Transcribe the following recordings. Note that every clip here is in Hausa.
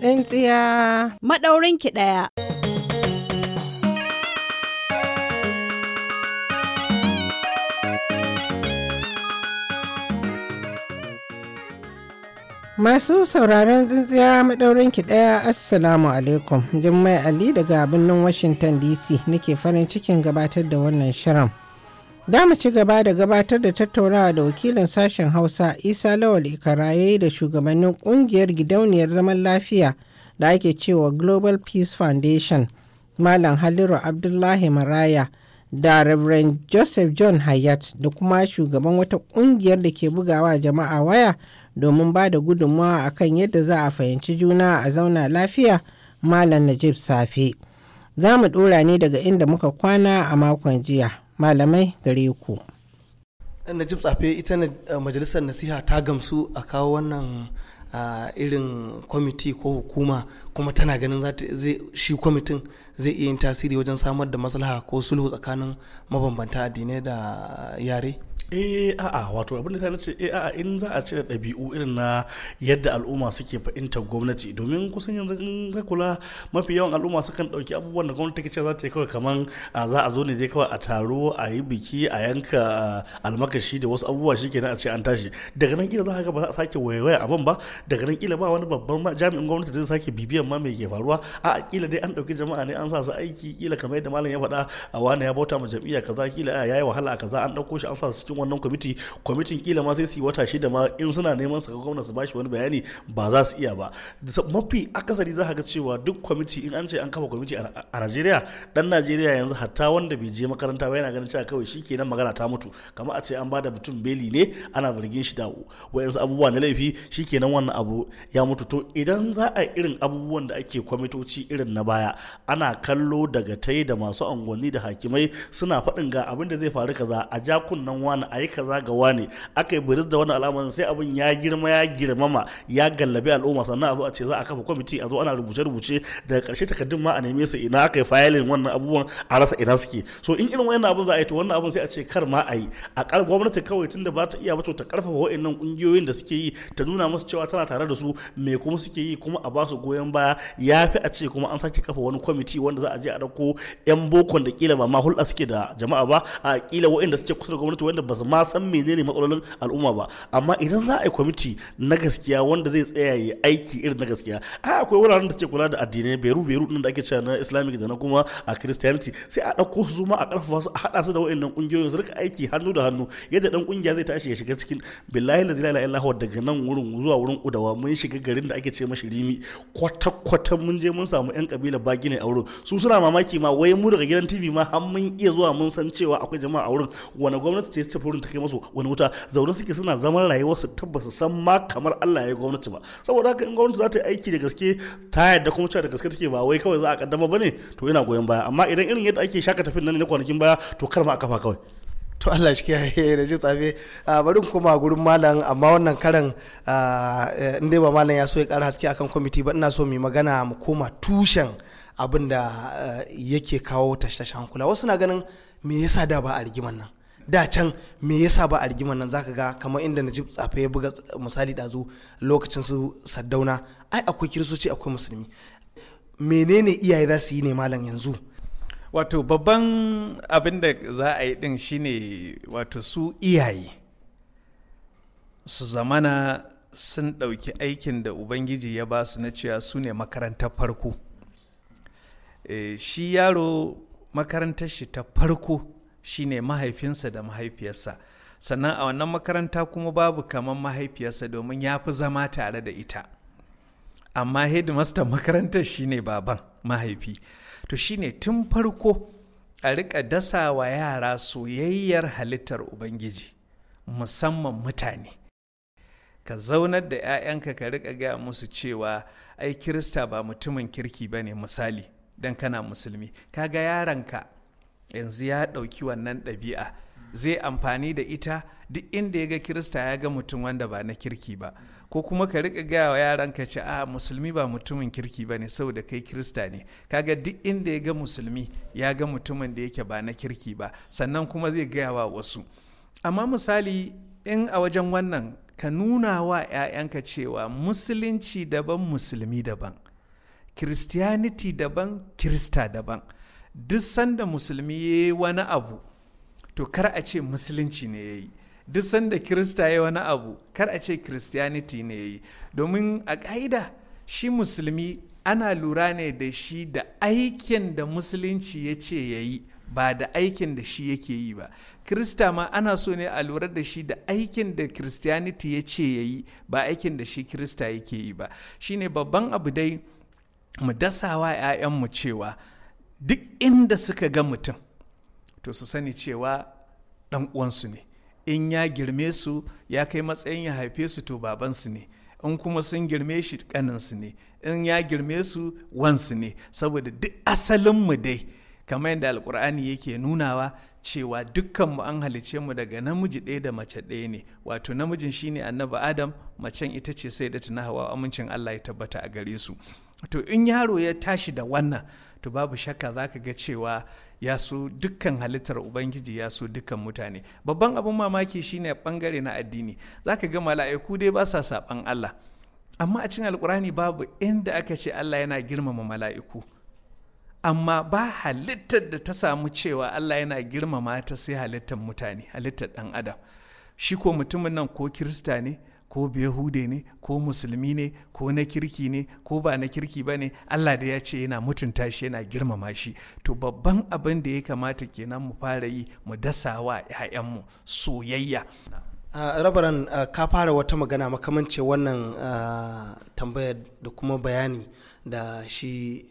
Tsintsiya. Maɗaurin ki ɗaya. Masu sauraron tsintsiya maɗaurin ki ɗaya Assalamu alaikum. Jummai Ali daga birnin Washington DC nake farin cikin gabatar da wannan shirin. Za mu ci gaba da gabatar da tattaunawa da wakilin sashen Hausa Isa Lawal Ikaraye da shugabannin kungiyar gidauniyar zaman lafiya da ake cewa Global Peace Foundation, Malam Haliru Abdullahi Maraya da Reverend Joseph John Hayat da kuma shugaban wata kungiyar da ke bugawa jama'a waya domin ba da gudunmawa kan yadda za a fahimci juna a zauna lafiya Malam Najib Safi. Za mu ɗora ne daga inda muka kwana a makon jiya. malamai gare ku najib tsafe ita eh, majalisar nasiha ta gamsu a kawo wannan eh, irin kwamiti ko hukuma kuma tana ganin shi kwamitin zai iya yin tasiri wajen samar da maslaha ko sulhu tsakanin mabambanta addinai da yare Eh, a'a wato abin da ta ce eh, a in za a ce da ɗabi'u irin na yadda al'umma suke fahimtar gwamnati domin kusan yanzu in ka kula mafi yawan al'umma sukan ɗauki abubuwan da gwamnati take ce za ta yi kawai kaman za a zo ne dai kawai a taro a yi biki a yanka almakashi da wasu abubuwa shi kenan a ce an tashi daga nan kila za ka ba za a sake a abin ba daga nan kila ba wani babban jami'in gwamnati zai sake bibiyan ma mai ke faruwa a kila dai an ɗauki jama'a ne an sa su aiki kila kamar yadda malam ya faɗa a wani ya bauta ma jam'iyya kaza kila ya yi wahala a kaza an ɗauko shi an sa su cikin wannan kwamiti kwamitin kila ma sai su yi wata shida ma in suna neman saka gwamna su bashi wani bayani ba za su iya ba mafi akasari za ga cewa duk kwamiti in an ce an kafa kwamiti a Najeriya dan Najeriya yanzu hatta wanda bai je makaranta ba yana ganin cewa kawai shi kenan magana ta mutu kamar a ce an bada mutum beli ne ana zargin shi da wayansu abubuwa na laifi shi kenan wannan abu ya mutu to idan za a irin abubuwan da ake kwamitoci irin na baya ana kallo daga tai da masu unguwanni da hakimai suna faɗin ga abin da zai faru kaza a jakunan wani a yi kaza ga wani aka yi biris da wani al'amarin sai abin ya girma ya girmama ya gallabi al'umma sannan a zo a ce za a kafa kwamiti a zo ana rubuce-rubuce daga karshe takardun ma a neme su ina aka yi fayilin wannan abubuwan a rasa ina suke so in irin wannan abin za a yi to wannan abin sai a ce kar ma a yi a kar gwamnati kawai tunda ba ta iya ba to ta karfafa wa'annan kungiyoyin da suke yi ta nuna musu cewa tana tare da su me kuma suke yi kuma a ba su goyon baya ya fi a ce kuma an sake kafa wani kwamiti wanda za a je a dauko yan bokon da kila ba ma hulɗa suke da jama'a ba a kila wa'anda suke kusa da gwamnati wanda ba su ma san menene matsalolin al'umma ba amma idan za a yi kwamiti na gaskiya wanda zai tsaya ya aiki irin na gaskiya a akwai wuraren da ke kula da addinai beru beru din da ake cewa na islamic da na kuma a christianity sai a ɗauko su ma a ƙarfafa su a haɗa su da wa'annan ƙungiyoyin su rika aiki hannu da hannu yadda ɗan ƙungiya zai tashi ya shiga cikin billahi la ilaha illallah daga nan wurin zuwa wurin udawa mun shiga garin da ake ce mashi rimi kwata kwata mun je mun samu yan kabila ba ne a wurin su suna mamaki ma wai mu daga gidan tv ma har mun iya zuwa mun san cewa akwai jama'a a wurin wani gwamnati ce ta burin ta kai musu wani wuta zaune suke suna zaman su tabbas san ma kamar Allah ya gwamnati ba saboda haka in gwamnati za ta yi aiki da gaske ta yadda kuma cewa da gaske take ba wai kawai za a kaddama bane to ina goyon baya amma idan irin yadda ake shaka tafin nan ne kwanakin baya to kar ma a kafa kawai to Allah shi kiyaye da ji tsafe bari koma gurin malam amma wannan karan ah, eh, in dai ba malam ya so ya kara haske akan kwamiti ba ina so mu magana mu koma tushen abin eh, yake kawo tashe hankula wasu na ganin me yasa da ba a rigiman nan da can me yasa ba a rigimar nan zaka ga kamar inda najib tsafe ya buga misali dazu lokacin su saddauna ai akwai kiristoci akwai musulmi menene iyaye za su yi ne malam yanzu wato babban abin da za a yi din shine wato su iyaye su zamana sun ɗauki aikin da ubangiji ya ba su na cewa su ne makarantar farko e, shi yaro makarantar shi ta farko shine mahaifinsa da mahaifiyarsa sannan a wannan makaranta kuma babu kamar mahaifiyarsa domin ya fi zama tare da ita amma headmaster makarantar shine baban mahaifi to shine tun farko a rika dasa wa yara soyayyar halittar ubangiji musamman mutane ka zaunar da 'ya'yanka ka rika gaya musu cewa ai kirista ba mutumin kirki ba ne misali don kana musulmi ka ga yaranka yanzu ya ɗauki wannan ɗabi'a zai amfani da ita duk inda ya ga kirista ya ga mutum wanda ba na kirki ba ko kuma ka riƙa gaya wa yaran ka ce a musulmi ba mutumin kirki ba ne saboda kai kirista ne kaga duk inda ya ga musulmi ya ga mutumin da yake ba na kirki ba sannan kuma zai gaya wa wasu amma misali in a wajen wannan ka nuna wa 'ya'yanka cewa musulunci daban musulmi daban christianity daban kirista daban duk sanda musulmi ya yi wani abu to kar a ce musulunci ne ya yi duk sanda kirista ya yi wani abu kar a ce christianity ne ya yi domin a ƙa'ida shi musulmi ana lura ne da shi da aikin da musulunci ya ce ya yi ba da aikin da shi yake yi ba kirista ma ana so ne a lura da shi da aikin da christianity ya ce ya yi ba aikin da shi kirista yake yi ba shine babban abu dai mu dasawa 'ya'yanmu cewa duk inda suka ga mutum to su sani cewa ɗan uwansu ne in ya girme su ya kai matsayin ya haife su to babansu ne in kuma sun girme shi ƙaninsu ne in ya girme su wansu ne saboda duk asalinmu dai kamar yadda alkur'ani yake nunawa cewa dukkanmu an halice mu daga namiji ɗaya da mace ɗaya ne wato namijin shine annabi adam macen ita ce sai da tuna hawa amincin allah ya tabbata a gare su to in yaro ya tashi da wannan to babu shakka za ka ga cewa ya so dukkan halittar ubangiji ya so dukkan mutane babban abin mamaki shine bangare na addini za ka ga mala'iku dai ba sa saɓan allah amma a cikin alkurani babu inda aka ce allah yana girmama mala'iku amma ba halittar da ta samu cewa Allah yana girmama ta sai halittar mutane halittar ɗan adam shi ko mutumin nan ko kirista ne ko behude ne ko musulmi ne ko na kirki ne ko ba na kirki ba ne Allah da ya ce yana mutunta shi yana girmama shi to babban abin da ya kamata kenan mu fara yi mu dasawa 'ya'yanmu soyayya Ah, rabaran ah, ka fara wata magana makamance wannan ah, tambayar da kuma bayani da shi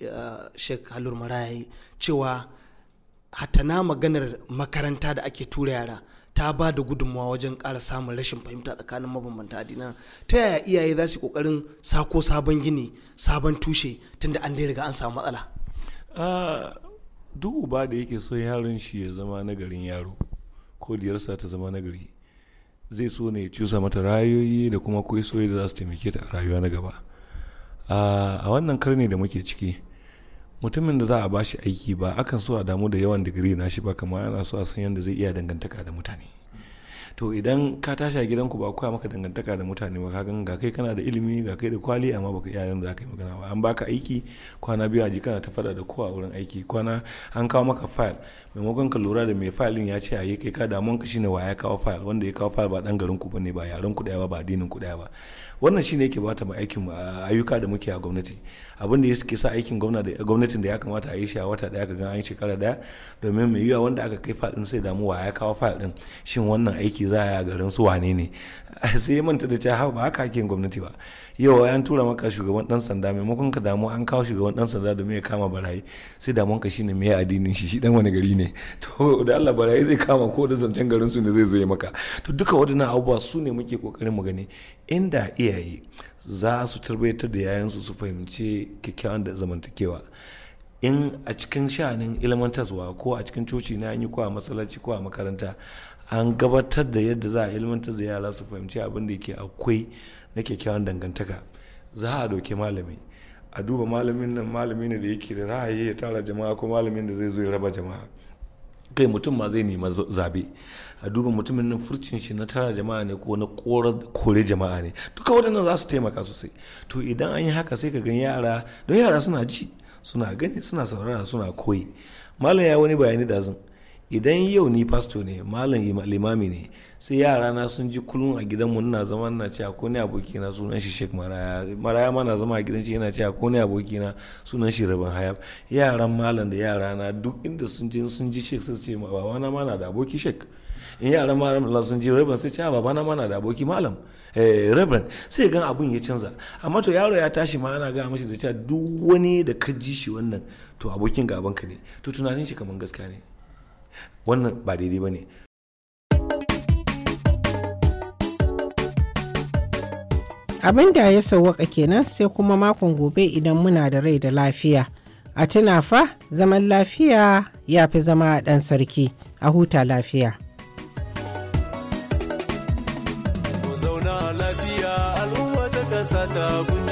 sheikh halur marayi cewa hatana maganar makaranta da ake tura yara ta ba da gudunmawa wajen kara samun rashin fahimta tsakanin mabambanta adina ta yaya iyaye za su ƙoƙarin sako sabon gini sabon tushe tunda an daidaga an samu matsala duk uba da yake so yaron shi ya zama nagarin yaro ko diyarsa ta zama nagari zai so ne cusa mata rayoyi da kuma soyi da za su taimake ta a rayuwa na gaba a wannan karni da muke ciki mutumin da za a ba shi aiki ba akan so a damu da yawan digiri na shi ba kamar ana so a san yadda zai iya dangantaka da mutane to idan ka tashi a gidanku ba koya maka dangantaka da mutane ba kagan ga kai kana da ilimi ga kai da kwali amma baka iya da zaka yi magana ba an baka aiki kwana biyu a ji kana ta fada da kowa a wurin aiki kwana an kawo maka fayil maimakon ka lura da mai fayil ya ce a yi kai ka damuwan ka shine wa ya kawo fayil wanda ya kawo fayil ba dan garin ku bane ba yaren ku daya ba ba addinin ku daya ba wannan shine yake bata mu aikin ayyuka da muke a gwamnati abin da suke sa aikin gwamnatin da ya kamata a yi shi a wata daya ka ga an shekara daya domin mai yiwa wanda aka kai fayil din sai damu wa ya kawo fayil din shin wannan aiki biki za a garin su wane ne sai ya manta da cewa ba haka ake gwamnati ba yau an tura maka shugaban dan sanda maimakon ka damu an kawo shugaban dan sanda da ya kama barayi sai damuwan ka shine mai addinin shi shi dan wani gari ne to da Allah barayi zai kama ko da zancen garin su ne zai zai maka to duka wadannan abubuwa su ne muke kokarin mu gani inda iyaye za su tarbiyyar da su su fahimci kyakkyawan da zamantakewa in a cikin sha'anin ilmantarwa ko a cikin coci na yi ko a masallaci ko a makaranta an gabatar da yadda za a ilmantar da yara su fahimci abin da yake akwai na kyakkyawan dangantaka za a doke malami a duba malamin nan malami ne da yake da ra'ayi ya tara jama'a ko malamin da zai zo ya raba jama'a kai mutum ma zai nema zabe a duba mutumin nan furcin shi na tara jama'a ne ko na kore jama'a ne duka waɗannan za su taimaka sosai to idan an yi haka sai ka gan yara don yara suna ji suna gani suna saurara suna koyi malam ya wani bayani da zan idan yau ni pasto ne malam limami ne sai yara na sun ji kullum a gidanmu na zama na ce ko ne aboki na sunan shi shek Maraya Maraya ma na zama a gidan shi yana ce ko ne aboki na sunan shi Rabin Hayab yaran malam da yara na duk inda sun ji sun ji shek sai ce babana ma na da aboki shek in yaran malam sun ji Rabin sai ce ah, babana ma na da aboki malam Eh, reverend sai gan abun ya canza amma to yaro ya tashi ma ana ga mashi da cewa duk wani da ka ji shi wannan to abokin gaban ka ne to tunanin shi kamar gaskiya ne wannan ba daidai ba ne abin da ya sauwaka kenan sai kuma makon gobe idan muna da rai da lafiya a tuna fa zaman lafiya ya fi zama ɗan sarki a huta lafiya matter.